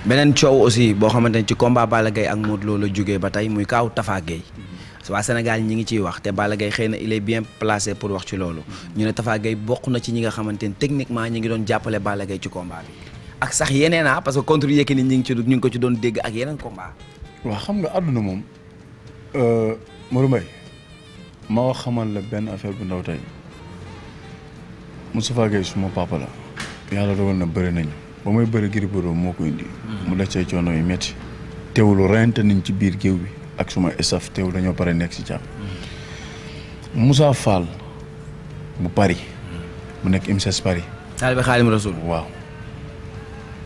beneen coow aussi boo xamante ci combat Balla Gaye ak Modou Lo la ba tey muy kaaw Tafa Gueye waa Sénégal ñi ngi ciy wax te Balla Gaye xëy na il est bien placé pour wax ci loolu. ñu ne Tafa Gueye bokk na ci ñi nga xamante ne techniquement ñi ngi doon jàppale Balla Gaye ci combat bi. ak sax yeneen ah parce que contre Yékini ñi ngi ci ñu ngi ko ci doon dégg ak yeneen combat. waaw xam nga àdduna moom euh, Modou ma wax xamal la benn affaire bu ndaw tey Moustapha Gueye suma papa la. yàlla dogal na bëri nañu ba may bëri Gris Bordeaux moo ko indi. Mm-hmm. mu def say coono yu métti. teewlu reyante nañ ci biir géew bi ak suma staff teew dañoo pare nekk si jàmm. Mm-hmm. Moussa Fall bu Paris. Mm-hmm. mu nekk IMSES Paris. taalibe Xaadimu Rasuul waaw.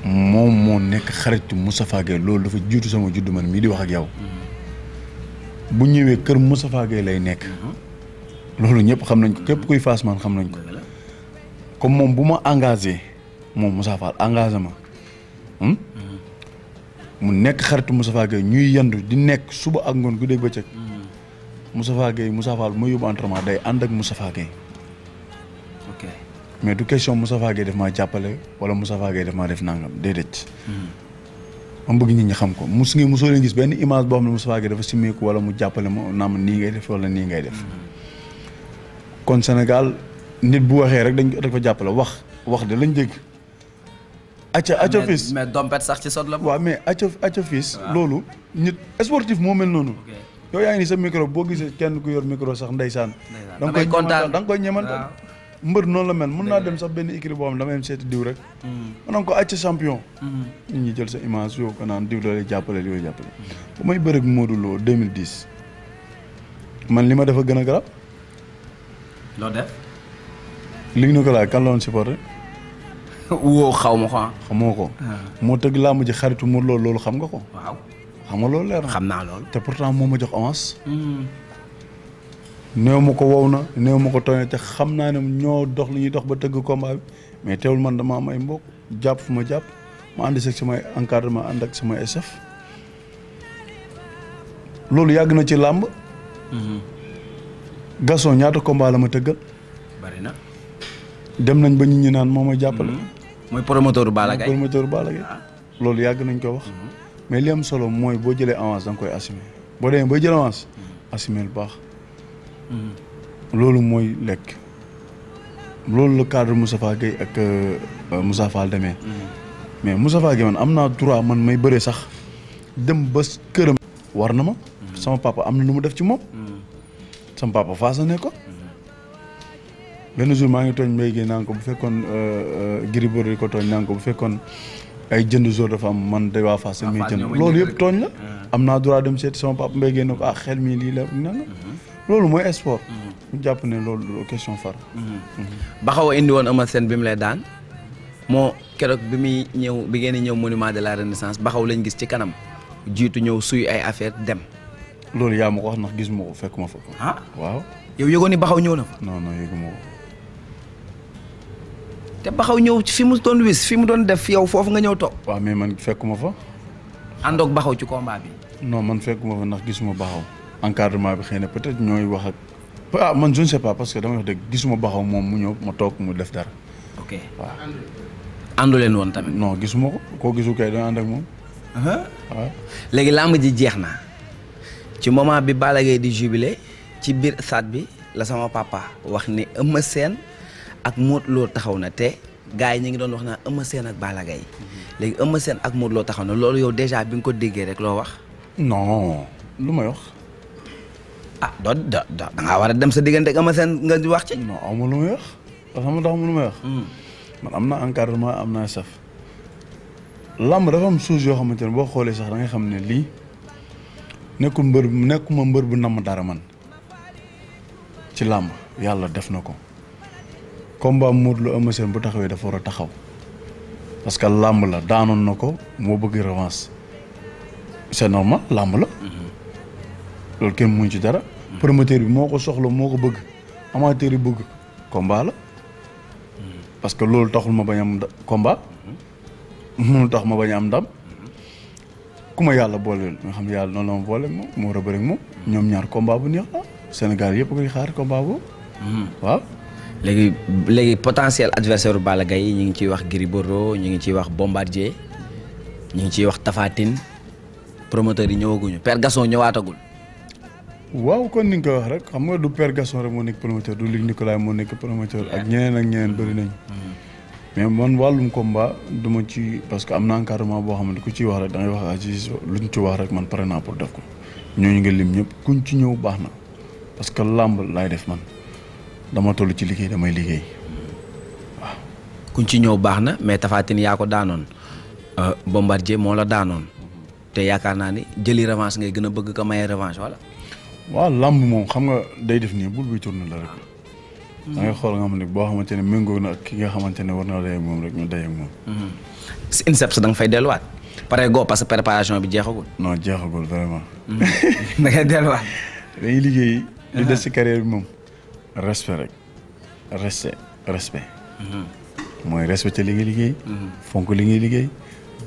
moom moo nekk xaritu Moustapha Gueye loolu dafa jiitu sama juddu man mii di wax ak yow bu ñëwee kër Moustapha Gueye lay nekk loolu ñëpp xam nañ ko képp kuy Fass man xam nañ ko comme moom bu ma engagé moom Moussa engagement engagé hmm? mm-hmm. mu nekk xaritu Moustapha ñuy yendu di nekk suba ak ngoon guddeeg bëccëg mm-hmm. Moustapha Gueye Moussa Fall bu ma yóbbu entraînement day ànd ak Moustapha mais du question Moustapha Gueye daf maa jàppale wala Moustapha Gueye daf maa def nangam déedéet. Hmm. ma bëgg nit ñi xam ko mos ngeen mosoo leen gis benn image boo xam ne Moustapha Gueye dafa simmeeku wala mu jàppale ma naam nii ngay def wala nii ngay def. Hmm. kon Sénégal nit bu waxee rek dañ ko jàppale wax wax de lañ dégg. acca acca ah, fils mais sax ci sot la. waaw mais acca acca fils ah. loolu nit sportif moo mel noonu. yow ngi ni sa micro boo gisee kenn ku yor micro sax ndeysaan. da koy kontaan da mbër noonu la mel mën naa dem sax benn écrit boo xam dama yem rek hmm. maanaam ko acca champion hmm. jël sa image yow ko naan diw jàppale li lay jàppale bu may bëre ak Modou man li ma def a gën a garab loo def la woon supporté *laughs* xaw ma ko ah. xamoo ko ah. moo tëgg laa ji xaritu Modou loolu xam nga ko xam nga loolu leer na xam naa loolu te pourtant moo ma jox avance hmm. néew ma ko wow na néew ma ko tooy te xam naa ne ñoo dox li ñuy dox ba tëgg combat bi mais teewul man dama am ay mbokk jàpp fu ma jàpp ma ànd si samay encadrement ànd ak samay SF loolu yàgg na ci làmb. Mhm. Gaston ñaata combat ma tëggal. bari na. dem nañ ba nit ñi naan moo ma jàppale. Mhm. mooy promoteur Balla Gaye promoteur Balla Gaye ah. loolu yàgg nañ ko wax. Mhm. mais li am solo mooy boo jëlee avance da nga koy assumer boo demee boo jël avance assumer baax. loolu mooy lekk loolu la cadre Moustapha Gueye ak euh, Moussa Fall demee mm-hmm. mais Moustapha Gueye man am naa droit man may bëree sax dem ba këram war na ma mm-hmm. sama papa am na lu mu def ci moom mm-hmm. sama papa faasa ne ko benn jour maa ngi tooñ mbéy gi naan ko bu fekkoon euh, euh, Gris Bordeaux di ko tooñ naan ko bu fekkoon ay jënd jour dafa am man day waa faasa may jënd loolu yëpp tooñ la am naa droit dem seeti sama papa mbéy génn ne ko ah xel mii lii la na nga loolu mooy sport. ñu mhm. jàpp ne loolu question far. Mhm. Mhm. ba xaw a indi woon amal seen bi mu lay daan moo keroog bi muy ñëw bi ngeen ñëw monument de la renaissance ba xaw lañ gis ci kanam jiitu ñëw suy ay affaire dem. loolu yaa ma ko wax gis ma fekk ma fa. ah waaw. yow yëgoon ni ba xaw ñëw na fa. non non yëgu ma fi mu doon fi mu doon def yow foofu nga ñëw toog. waaw mais man fekkuma fa. àndoog ba xaw ci combat bi. non man fekkuma fa ndax gisuma ba xaw encadrement bi xëy na peut-être ñooy wax ak ah man je ne parce que dama wax dëgg gisuma baxaw moom mu ñëw ma toog mu def dara. ok woon tamit. non gisuma ko koo gisul kay dana ànd ak moom. léegi làmb ji jeex na ci moment bi Balla Gaye di jubilé ci biir saat bi la sama papa wax ni Eumeu Sène ak Modou loo taxaw na te gars yi ñu ngi doon wax naa Eumeu seen ak Balla Gaye mhm. léegi Eumeu seen ak Modou loo taxaw na loolu yow déjà bi nga ko déggee rek loo wax. non lu may wax. ah doo war a dem sa diggante ak Eumeu Sène nga wax ci. non aw ma wax parce que xam nga lu may wax. Hmm. man am na encarement am naa saf. lamb dafa am chose yoo xamante ne boo xoolee sax da nga xam ne lii nekkul mbër nekkuma mbër bu namm dara man ci làmb yàlla def na ko combat Modou Lo Eumeu bu taxawee dafa war a taxaw parce que làmb la daanoon na ko moo bëgg revanche c'est normal làmb la. Hmm. loolu kenn muñ ci dara. promoteur bi moo ko soxla moo ko bëgg amateur yi bëgg combat parce que loolu taxul ma bañ am combat mënul ma bañ am ndam ku ma yàlla booleel nga xam yàlla noonu la ma boole moom moo war a bëri moom ñoom bu neex la Sénégal yëpp koy xaar combat boobu waaw léegi léegi potentiel adversaire Balla Gaye ñu ngi ciy wax Gris Bordeaux ñu ngi ciy wax Bombardier ñu ngi ciy wax Tapha Tine promoteur yi ñëwaguñu Père Gasson ñëwaatagul waaw kon ni nga ko wax rek xam nga du per Gaston rek moo nekk promoteur du Luc Nicolaï moo nekk promoteur ak ñeneen ak ñeneen bëri nañ mm-hmm. mais man wàllum combat du ma ci parce que am na encadrement boo xam ne ku ciy wax rek da ngay wax Aziz luñ ci wax rek man pare naa pour def ko ñooñu nga lim ñëpp kuñ ci ñëw baax na parce que làmb laay def man dama toll ci liggéey damay liggéey waaw. ci ñëw baax na mais Tapha yaa ko daanoon euh, Bombardier moo la daanoon mm-hmm. te yaakaar naa ni jëli revanche ngay gën a bëgg ko maye revanche wala. waaw làmb moom xam nga day def nii bul buy tourné la rek. Hmm. da ngay xool nga xam ne boo xamante ne méngóo na ak ki nga xamante ne war naa day moom rek ñu day moom. Hmm. si INSEPS da nga fay delluwaat. pare goo parce que préparation bi jeexagul. non jeexagul vraiment. Hmm. *laughs* da ngay delluwaat. dañuy liggéey. li des si uh-huh. carrière bi moom. respect rek. respect respect. mooy respecté li ngay liggéey. fonk li ngay liggéey.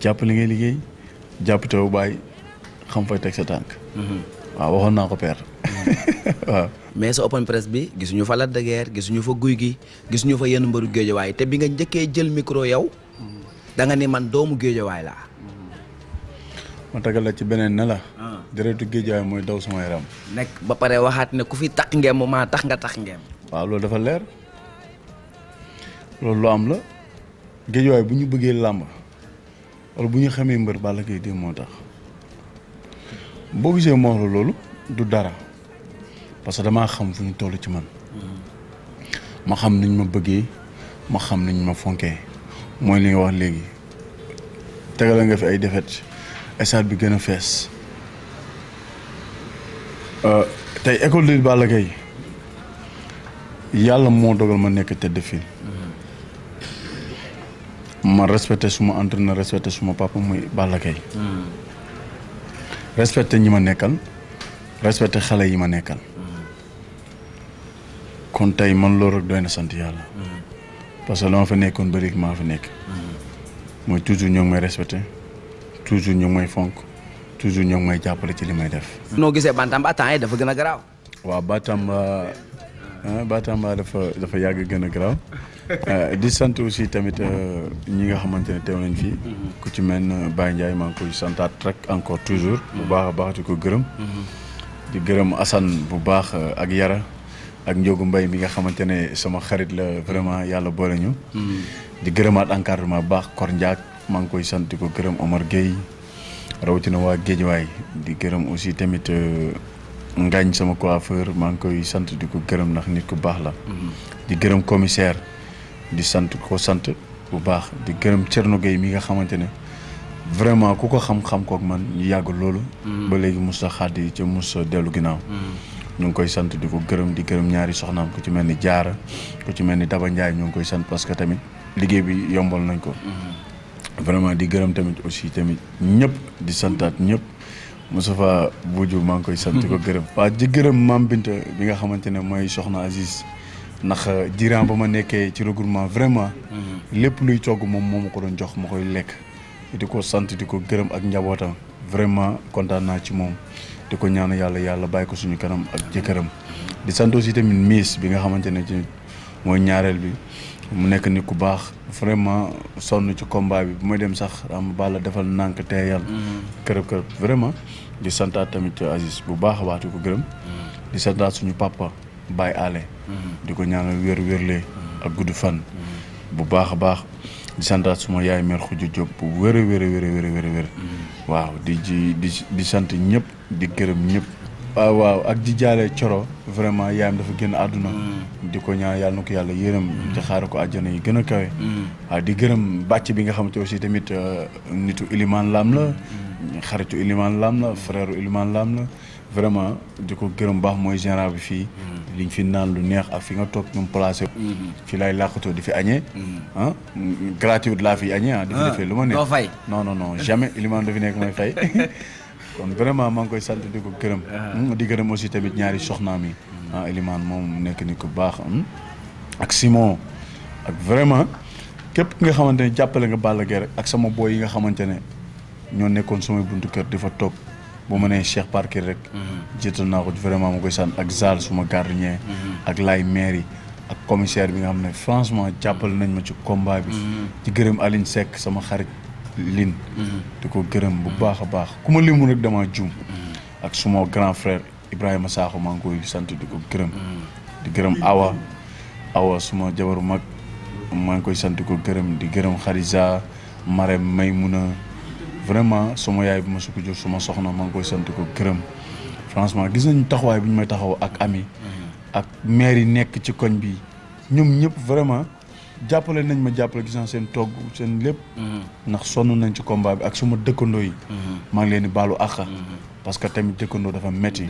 jàpp li ngay liggéey. jàpp te bu bàyyi xam fay teg sa tànk. waaw waxoon naa ko père. *laughs* waaw mais sa open press bi gisuñu fa Lac de gisuñu fa guy gi gisuñu fa yenn mbëru géejawaay te bi nga njëkkee jël micro yow danga nga ni man doomu géejawaay laa ma la ci beneen ne la ah. deretu mooy daw nekk ba pare waxaat ne ku fi tax ngeem maa tax nga tax ngeem waaw loolu dafa leer loolu lu am la géejawaay bu ñu bëggee làmb wala bu ñu xamee mbër Balla Gaye dé moo tax boo gisee moo la loolu du dara parce que damaa xam fu ñu toll ci man. ma xam niñ ma bëggee ma xam niñ ma fonkee mooy li wax léegi tegale nga fi ay défaites stade bi gën a fees euh, tey école de Balla Gaye yàlla moo dogal ma nekk tëdd fii ma respecté suma entraîneur respecté suma papa muy Balla Gaye hmm. respecté ñi ma nekkal respecté xale yi ma nekkal. kon tey man loolu rek doy na sant yàlla. Mm. parce que la fa nekkoon bëri maa nekk. Mm. mooy toujours ñoo ngi may respecté toujours ñoo ngi fonk toujours ñoo ngi jàppale ci li may def. Mm. noo gisee Bantamba temps yi dafa gën a garaaw. waaw Bantamba ah Bantamba dafa dafa yàgg gën a garaaw euh, di sant aussi tamit euh, ñi nga xamante ne teew nañ fii. Mm-hmm. ku ci mel ne Baye Ndiaye maa ngi koy santaat rek encore toujours. Mm-hmm. bu baax a baax di ko gërëm. Mm-hmm. di gërëm Assane bu baax euh, ak Yara. ak Ndiogu mbay mi nga xamante ne sama xarit la vraiment yàlla boole ñu. di gërëmaat encadrement baax Kor njaag maa ngi koy sant di ko gërëm Omar géey rawatina waa géej waay di gërëm aussi tamit euh, Ngañ sama coiffeur maa ngi koy sant di ko gërëm ndax nit ku baax la. di gërëm commissaire di sant ko sant bu baax di gërëm Thierno Gueye mi nga xamante ne. vraiment ku ko xam-xam kook man ñu yàgg loolu. ba léegi Moussa Khadi ca Moussa dellu ginnaaw. ñu ngi koy sant di ko gërëm di gërëm ñaari soxnaam ku ci mel ni jaara ku ci mel ni Daba Ndiaye ñu ngi koy sant parce que tamit liggéey bi yombal nañ ko. Mm-hmm. vraiment di gërëm tamit aussi tamit ñëpp di santaat ñëpp. Moustapha Buju maa ngi koy sant di ko mm-hmm. gërëm. waa di gërëm maam Binta bi nga xamante ne mooy soxna ndax jiraan ba ma nekkee ci regroupement vraiment. Mm-hmm. lépp luy togg moom moo ma ko doon jox ma koy lekk. di ko sant di ko gërëm ak njabootam vraiment kontaan naa ci moom. di ko ñaan yàlla yàlla bàyyi ko suñu kanam ak jëkkëram di sant aussi tamit miis bi nga xamante ne ci mooy ñaareel bi mu nekk nit ku baax vraiment sonn ci combat bi bu may dem sax am bala defal nànk teeyal mm-hmm. kërëb kërëb vraiment di santaat tamit Aziz bu baax a baax di ko gërëm mm-hmm. di santaat suñu papa Baye Ale mm-hmm. di ko ñaanal wér wérlee ak gudd fan bu baax a baax di santaat suma yaay mère Khoudia Diop bu wér a wér a wér a wér waaw di ji di di sant ñëpp di gërëm ñëpp. waaw ah, waaw ak di jaale Coro vraiment yaayam dafa génn àdduna. Mm. di ko ñaan yàlla na ko yàlla yërëm. Mm. te xaaral ko àjjana yi gën a kawe. waaw mm. ah, di gërëm bàcc bi nga xamante aussi tamit euh, nitu Iliman Lam la. xaritu Iliman Lam la frère Iliman Lam la. vraiment di ko gërëm baax mooy général bi fii. liñ fi naan lu neex ak fi nga toog ñu placé. Mm-hmm. fi lay làqatoo di fi añee. Mm-hmm. ah gratuite laa fi añee ah, di fi lu ma neex doo fay non non jamais Iliman du fi nekk mooy fay. *laughs* kon vraiment maa ngi koy sant di ko gërëm. Ah. Hmm, di gërëm aussi tamit ñaari soxnaam yi. ah Elimane moom nekk ni ku baax. Hmm, ak Simon ak vraiment képp ki nga xamante ne jàppale nga Balla Gaye rek ak sama boy yi nga xamante ne ñoo nekkoon samay buntu kër di fa toog bu ma nee Cheikh rek. Hmm. jiital naa ko vraiment ma koy sant ak Zal suma gardien. ak Laye Mairie. ak commissaire bi nga xam ne franchement jàppale nañ ma ci combat bi. ci gërëm Aline Seck sama xarit. liin mm-hmm. di ko gërëm bu baax a baax ku ma limu rek dama juum mm-hmm. ak suma grand frère Ibrahima Sakho maa ngi koy santi di ko gërëm mm-hmm. di gërëm Awa Awa suma jabaru mag maa ngi koy sant di ko gërëm di gërëm Xarisa Marème Maymuna vraiment suma yaay bu ma sukk jur suma soxna maa ngi koy sant di ko gërëm franchement gis nañu taxawaay bu ñu may taxaw ak ami ak maire yi nekk ci koñ bi ñoom ñëpp vraiment jàppale nañ ma jàppale gis naa seen togg seen lépp. Mhm. ndax sonn nañ ci combat bi ak suma dëkkandoo yi. Mhm. maa ngi leen di baalu àq. Mhm. parce que tamit dëkkandoo dafa metti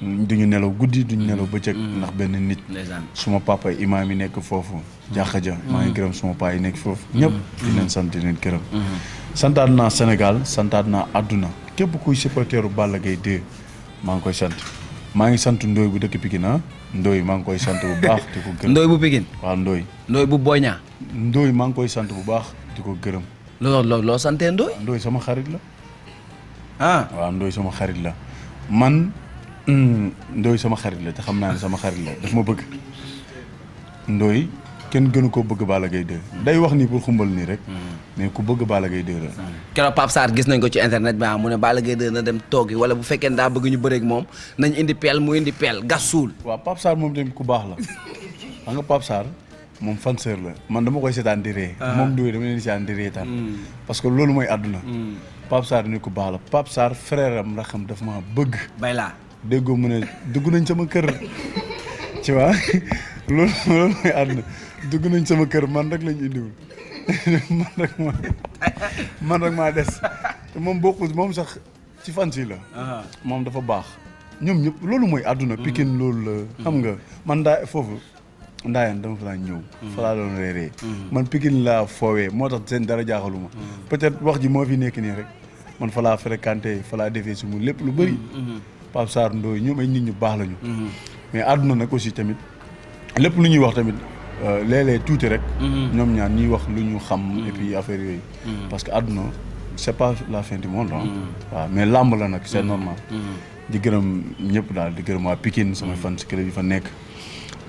duñu nelaw guddi duñu nelaw bëccëg. ndax benn nit. suma papa imaam yi nekk foofu. jàq ja maa ngi gërëm suma paa i nekk foofu. ñëpp di leen sant di leen gërëm. santaat naa Sénégal santaat naa àdduna képp kuy supporteeru Balla Gaye 2 maa ngi koy sant maa ngi sant Ndoye bu dëkk Pikine ah. Ndoy maa ngi koy sant bu baax di ko gërëm Ndoy bu Pikine waaw Ndoy Ndoy bu Boña Ndoy maa ngi koy sant bu baax di ko gërëm loo loo loo santee Ndoy Ndoy sama xarit la ah waaw Ndoy sama xarit la man mm, Ndoy sama xarit la te xam naa ne sama xarit la daf ma bëgg Ndoy kenn gënu koo bëgg baala Gaye 2 day wax nii pour xumbal nii rek hmm. mais ku bëgg baala Gaye 2 la keroog Pape Sarr gis nañ ko ci internet bi ah mu ne baala Gaye 2 na dem toogi wala bu fekkee daa bëgg ñu bëreeg moom nañ indi peel mu indi peel gas suul waaw Pape Sarr moom tamit ku baax la xam nga Pape moom fanseur la man dama koy seetaan di ah. moom duwee dama leen hmm. parce que loolu mooy àdduna hmm. Pape Sarr ni ku baax la Pape Sarr frère xam dafa ma bëgg bay laa déggoo mu ne dugg nañ sama kër *laughs* tu vois loolu loolu mooy àdduna dugg nañ sama kër man rek lañ indiwul *laughs* man rek maa des te moom bokkul moom sax ci fan la uh-huh. moom dafa baax ñoom ñëpp loolu mooy àdduna mm-hmm. pikin loolu la xam nga mm-hmm. man daa foofu ndaayan dama fa laa ñëw mm-hmm. fa laa doon man Pikine laa foowee moo tax seen dara jaaxaluma peut-être wax ji moo fi nekk nii rek man falaa laa falaa defee su mu lépp lu bëri Pape Sarr Ndoye ñoom ay nit ñu baax lañu mais àdduna nag aussi tamit lépp lu ñuy wax tamit euh, léeg-léeg tuuti rek. Mm-hmm. ñoom ñaar ñuy wax lu ñu xam. et mm-hmm. affaire yooyu. Mm-hmm. parce que adduna c'est pas la fin du monde ah. waaw mais làmb la nag c'est normal. di gërëm ñëpp daal di gërëm waa Pikine sama fan si club yi fa nekk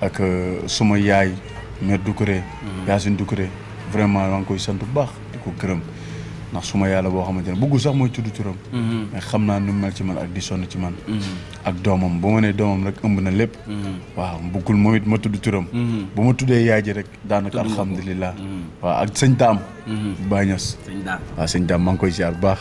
ak euh, suma yaay du mère Doucouré. Yacine Doucouré vraiment maa ngi koy sant bu baax di ko gërëm. ndax su yàlla boo xamante ne bëggul sax mooy tudd turam. Mhm. mais xam naa nu mu mel ci man ak di sonn ci man. Mhm. ak doomam bu ma nee doomam rek ëmb na lépp. Mhm. waaw bëggul moom it ma tudd turam. bu ma tuddee yaay ji rek daanaka alhamdulilah. waaw ak sëñ Daam. Bañas. sëñ Daam waaw sëñ Daam maa ngi koy si bu baax.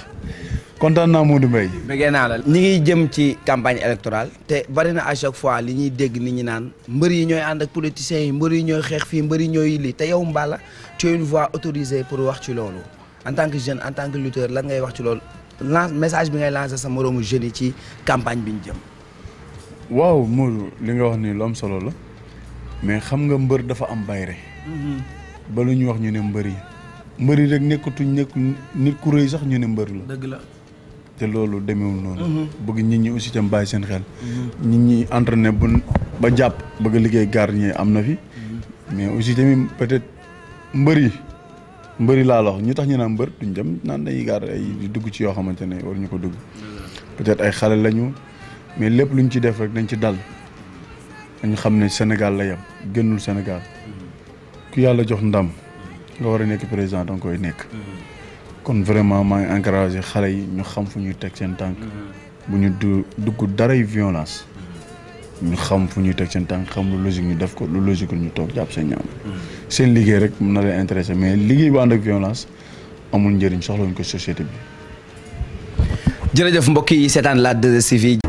kontaan naa Modou Mbaye. bëggee naa la. ngi jëm ci campagne électorale. te bari na à chaque fois li ñuy dégg ni ñu naan mbër yi ñooy ànd ak politiciens yi mbër yi ñooy xeex fii mbër yi ñooy lii te yow Mballa tu es une voix autorisée pour wax ci loolu. en tant que jeune en tant que lutteur la ngay wax ci loolu lance message bi ngay lancer sa moroomu jeunes yi ci campagne bi ñu jëm. waaw Modou li nga wax ni lu am solo la mais xam nga mbër dafa am bayre mhm. ba lu ñu wax ñu ne mbër yi mbër yi rek nekkatuñ nekku nit ku rëy sax ñu ne mbër la. dëgg la. te loolu demewum noonu. Mhm. bëgg nit ñi aussi tam bàyyi seen xel. Mhm. nit ñi entraîné bu ba jàpp bëgg liggéey gaar ñi am na fi. mais aussi tamit peut-être mbër yi. mbëri laa la wax ñu tax ñu naa mbër duñ dem naan dañuy gaar ay dugg ci yoo xamante ne ñu ko dugg peut-être ay xale lañu mais lépp lu ñu ci def rek dañ ci dal dañ xam ne Sénégal la yem génnul Sénégal ku yàlla jox ndam nga war a nekk président danga koy nekk kon vraiment maa ngi xale yi ñu xam fu ñuy teg seen tànk bu ñu du dugg daray violence ñu xam fu ñuy teg seen tànk xam lu logique ñu def ko lu logique ñu toog jàpp seen ñaam seen liggéey rek mën na leen intéressé mais liggéey bu ànd ak violence amul njëriñ soxlawuñ ko société bi. jërëjëf mbokk yi seetaan la 2STV